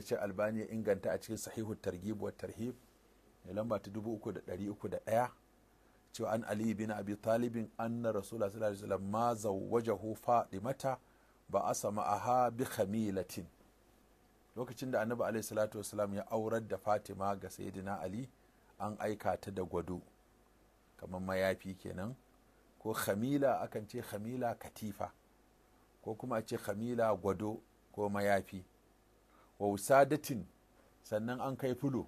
da shi albani ya inganta a cikin sahihu targhib wa tarhib ya lamba ta 3301 cewa an ali bin abi talibin anna rasulullah sallallahu alaihi wasallam ma zawwajahu fadimata ba a ma'aha bi khamilatin lokacin da annabi alaihi salatu wasallam ya aurar da fatima ga sayyidina ali an aika ta da gwado kamar mayafi kenan ko khamila akan ce khamila katifa ko kuma a ce khamila gwado ko mayafi wa wusadatin sannan an kai fulo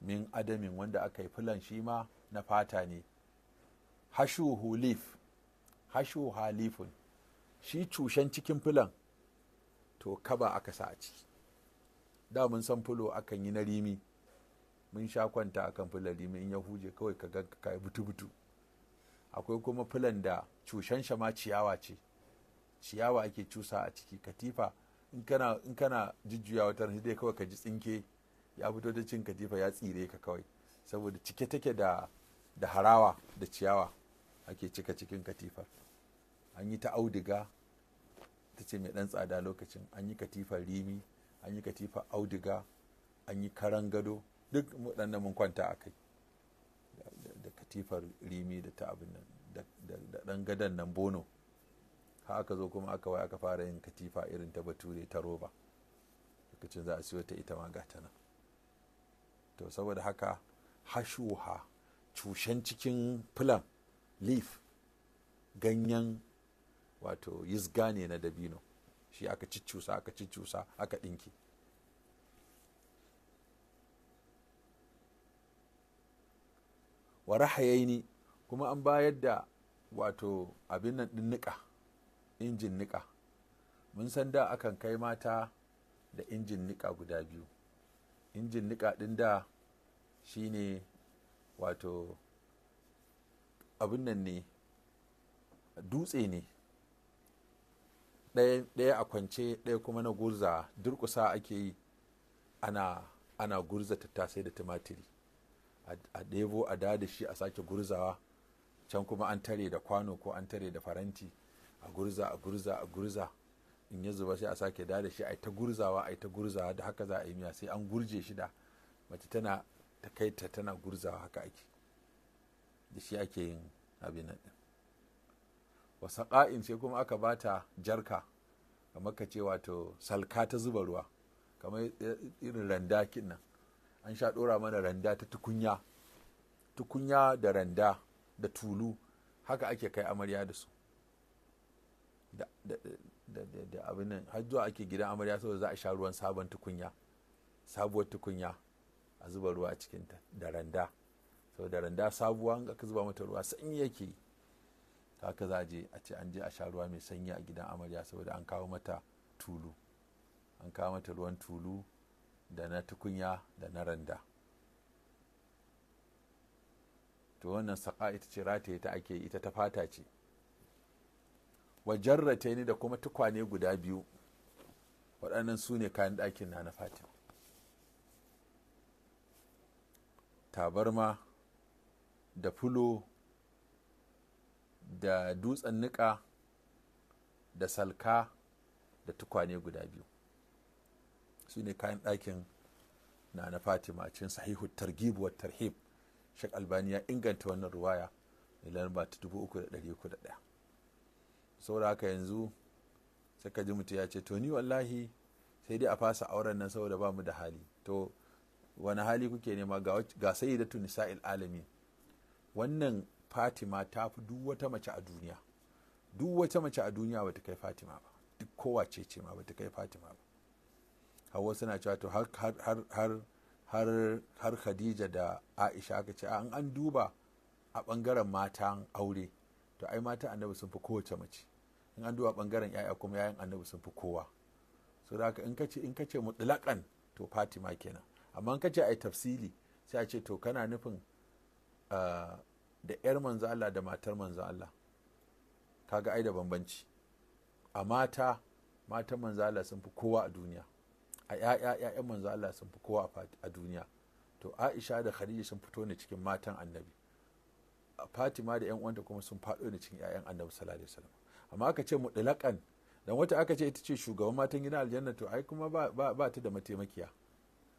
min adamin wanda aka yi fulan shi ma na fata ne hashu lif hashu halifun shi cushen cikin fulan to kaba aka sa a ciki da mun san fulo akan yi na rimi mun sha kwanta akan fulan rimi in ya huje kawai ka ganka ka butu-butu akwai kuma fulan da cushen shama ciyawa ce ciyawa ake cusa a ciki katifa in kana in kana jujjuya dai kawai ka ji tsinke ya fito da cin katifa ya tsire ka kawai saboda cike take da da harawa da ciyawa ake cika cikin katifar an yi ta auduga ta ce mai dan tsada lokacin an yi katifar rimi an yi katifar auduga an yi karan gado duk waɗannan mun kwanta a kai da katifar rimi da ta abin nan da ɗan gadon nan bono ha aka zo kuma aka wai aka fara yin katifa irin ta bature ta roba lokacin za a siyo ta ita ma gata nan to saboda haka hashuha cushen cikin filan leaf ganyen wato yizga ne na dabino shi aka ciccusa aka ciccusa aka ɗinki wa rahayaini kuma an bayar da wato abin nan ɗin injin niƙa mun san da akan kai mata da injin niƙa guda biyu injin niƙa ɗin da shi ne wato abin nan ne dutse ne ɗaya a kwance ɗaya kuma na gurza durƙusa ake yi ana ana gurza tattasai da tumatiri a ɗebo a da shi a sake gurzawa can kuma an tare da kwano ko an tare da faranti a gurza a gurza a gurza in ya zuba sai a sake da shi a ta gurzawa a ta gurzawa da haka za a yi miya sai an gurje shi da mace tana ta kai ta tana gurzawa haka ake da shi ake yin abin nan wasa ƙa'in sai kuma aka bata jarka kamar ka ce wato salka ta zuba ruwa kamar irin randa kin nan an sha ɗora mana randa ta tukunya tukunya da randa da tulu haka ake kai amarya da su da abin nan har zuwa ake gidan amarya saboda za a sha ruwan sabon tukunya sabuwar tukunya a zuba ruwa a cikin ta da randa saboda randa sabuwa in aka zuba mata ruwa sanyi yake ka za a je a ce an je a sha ruwa mai sanyi a gidan amarya saboda an kawo mata tulu an kawo mata ruwan tulu da na tukunya da na randa to wannan saƙa ita ce rataye ta ake ita ta fata ce wa ni da kuma tukwane guda biyu waɗannan su ne kayan ɗakin na na fatima tabarma da fulo da dutsen niƙa da salka da tukwane guda biyu su ne kayan ɗakin na na fatima cin sahihu targibu wa tarhib shek albani ya inganta wannan ruwaya ta dubu uku da ɗari uku da ɗaya. saboda haka yanzu sai ka ji mutum ya ce to ni wallahi sai dai a fasa auren nan saboda ba mu da hali to wani hali kuke nema ga sai da nisa'il alami wannan fatima ta fi duk wata mace a duniya duk wata mace a duniya bata kai fatima ba duk kowace ce ma bata kai fatima ba hawa suna cewa to har khadija da aisha aka ce an an duba a bangaren matan aure to ai mata annabi sun fi kowace mace in an duba bangaren yaya kuma yayan annabi sun fi kowa so da in kace in kace mutlaqan to fatima kenan amma in kace ai tafsili sai a ce to kana nufin ah, da yar manzo Allah da matar manzo Allah kaga ai da bambanci a mata matan manzo Allah sun fi kowa a duniya a ya'ya ya'yan manzo Allah sun fi kowa a duniya to Aisha da Khadija sun fito ne cikin matan Annabi Fatima da 'yan uwanta kuma sun faɗo ne cikin 'ya'yan Annabi sallallahu alaihi wasallam amma aka ce mudlaƙan dan wata aka ce ita ce shugaban matan gidan aljanna to ai kuma ba ta da mataimakiya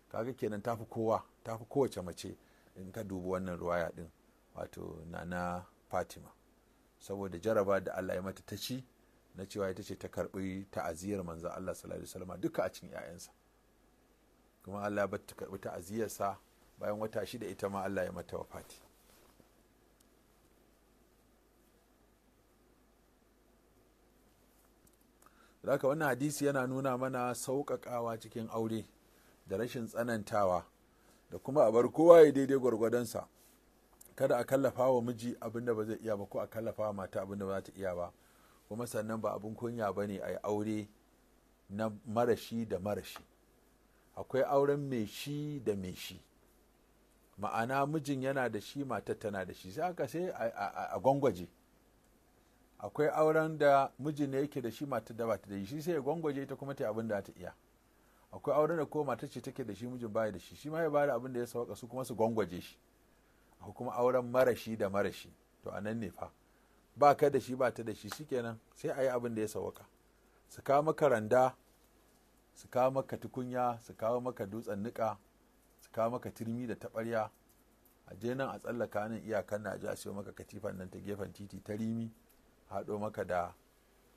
kaga kenan tafi kowa tafi kowace mace in ka dubi wannan ruwaya din wato nana fatima saboda jaraba da allah ya mata ta ci na cewa ita ce ta karbi ta'aziyar manzan allah sallallahu alaihi duka a cikin 'ya'yansa kuma allah ya ta karbi ta'aziyarsa bayan wata shida ita ma allah ya mata wafati haka wannan hadisi yana nuna mana sauƙaƙawa cikin aure da rashin tsanantawa da kuma a bar kowa ya daidai gwargwadonsa kada a kallafa wa miji abin da ba zai iya ba ko a kallafa wa mata abin da ba za ta iya ba kuma sannan ba abin kunya ba ne a yi aure na marashi da marashi akwai auren mai shi da mai shi ma'ana mijin yana da shi matar tana da shi sai aka sai a gwangwaje akwai auren da miji ne yake da shi mata da ba ta da shi sai ya gwangwaje ita kuma ta abin da ta iya akwai auren da ko mata ce take da shi mijin baya da shi shi ma ya bada abin da ya sauka su kuma su gwangwaje shi akwai kuma auren marashi da marashi to a nan ne fa ba ka da shi ba ta da shi shikenan sai a yi abin da ya sauka su kawo maka randa su kawo maka tukunya su kawo maka dutsen niƙa su kawo maka turmi da taɓarya a je nan a tsallaka nan iyakan na a a siyo maka katifan nan ta gefen titi ta rimi haɗo maka da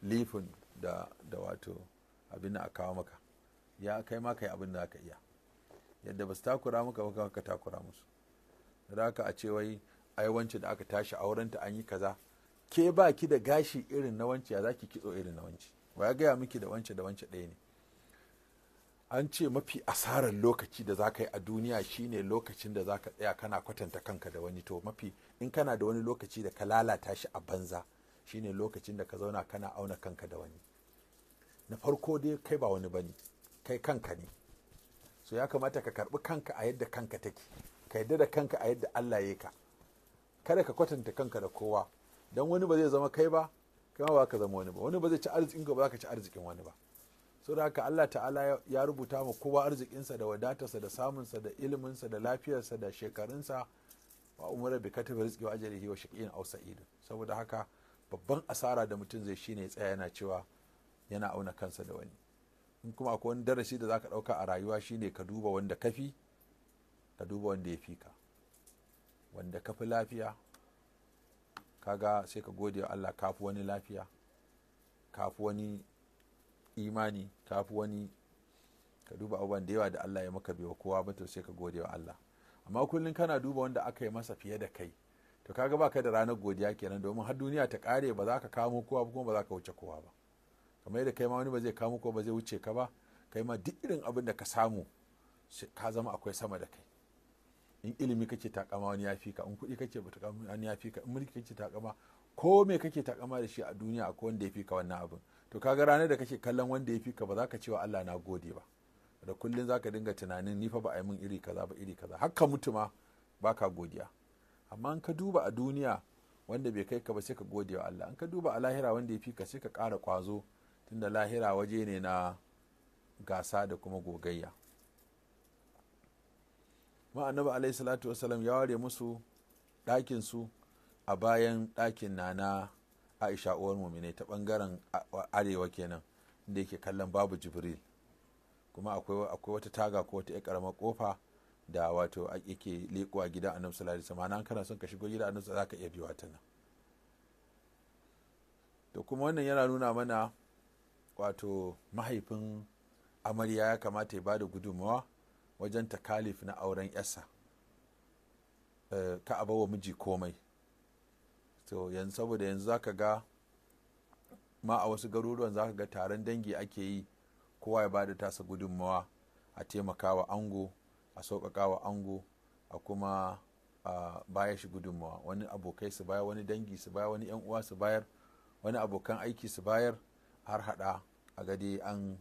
lifin da da wato abin da a kawo maka ya kai ma yi abin da aka iya yadda ba su takura maka ba ka takura musu da haka a ce wai ai da aka tashi aurenta an yi kaza ke ba ki da gashi irin na wance ya zaki kitso irin na wance wa ya gaya miki da wance da wance ɗaya ne an ce mafi asarar lokaci da za ka yi a duniya shine lokacin da za ka tsaya kana kwatanta kanka da wani to mafi in kana da wani lokaci da ka lalata shi a banza shine lokacin da ka zauna kana auna kanka da wani na farko dai kai ba wani bane kai kanka ne so ya kamata ka karbi kanka a yadda kanka take ka yadda da kanka a yadda Allah ya ka kada ka kwatanta kanka da kowa dan wani ba zai zama kai ba kai ma ba ka zama wani ba wani ba zai ci arzikin ka ba za ka ci arzikin wani ba da haka Allah ta'ala ya rubuta ma kowa arzikinsa da wadatarsa da samunsa da iliminsa da lafiyarsa da shekarunsa wa umara bi katabi rizqi wa ajrihi wa shaqiyin aw sa'id saboda haka babban asara da mutum zai shine ya tsaya yana cewa yana auna kansa da wani in kuma akwai wani darasi da zaka ɗauka a rayuwa shine ka duba wanda ka fi ka duba wanda ya fi ka wanda ka fi lafiya kaga sai ka gode wa Allah ka fi wani lafiya ka fi wani imani ka fi wani ka duba abubuwan da yawa da Allah ya maka bai wa kowa ba to sai ka gode wa Allah amma kullum kana duba wanda aka yi masa fiye da kai to kaga ba kai da ranar godiya kenan domin har duniya ta kare ba za ka kamo kowa ba kuma ba za ka wuce kowa ba kamar yadda kai ma wani ba zai kamo kowa ba zai wuce ka ba kai ma duk irin abin da ka samu ka zama akwai sama da kai in ilimi kake takama wani ya fi ka in kuɗi kake ba takama wani ya fi ka in mulki kake takama ko me kake takama da shi a duniya akwai wanda ya fi ka wannan abin to kaga ranar da kake kallon wanda ya fi ka ba za ka ce wa Allah na gode ba da kullun za ka dinga tunanin ni fa ba a yi min iri kaza ba iri kaza hakka mutu ma baka godiya amma an ka duba a duniya wanda bai kai ka ba sai ka gode wa Allah an ka duba a lahira wanda ya fi ka sai ka ƙara ƙwazo tunda lahira waje ne na gasa da kuma gogayya ma annabi salatu wasalam ya ware musu ɗakin su a bayan ɗakin nana aisha uwar mumine ta ɓangaren arewa kenan da yake kallon babu jibril kuma akwai wata taga ko wata ƙaramar ƙofa da wato yake leƙuwa gidan annabi sallallahu alaihi wasallam kana son ka shigo gidan annabi zaka iya biwa ta nan to kuma wannan yana nuna mana wato mahaifin amarya ya kamata ya bada gudunmawa wajen takalif na auren yasa eh, ka abawa miji komai to yanzu saboda yanzu zaka ga ma a wasu garuruwan zaka ga taron dangi ake yi kowa ya bada tasa gudunmawa a taimakawa ango a sauƙaƙa wa ango a kuma a baya shi gudunmawa wani abokai su baya wani dangi su baya wani yan uwa su bayar wani abokan aiki su bayar har hada a gade an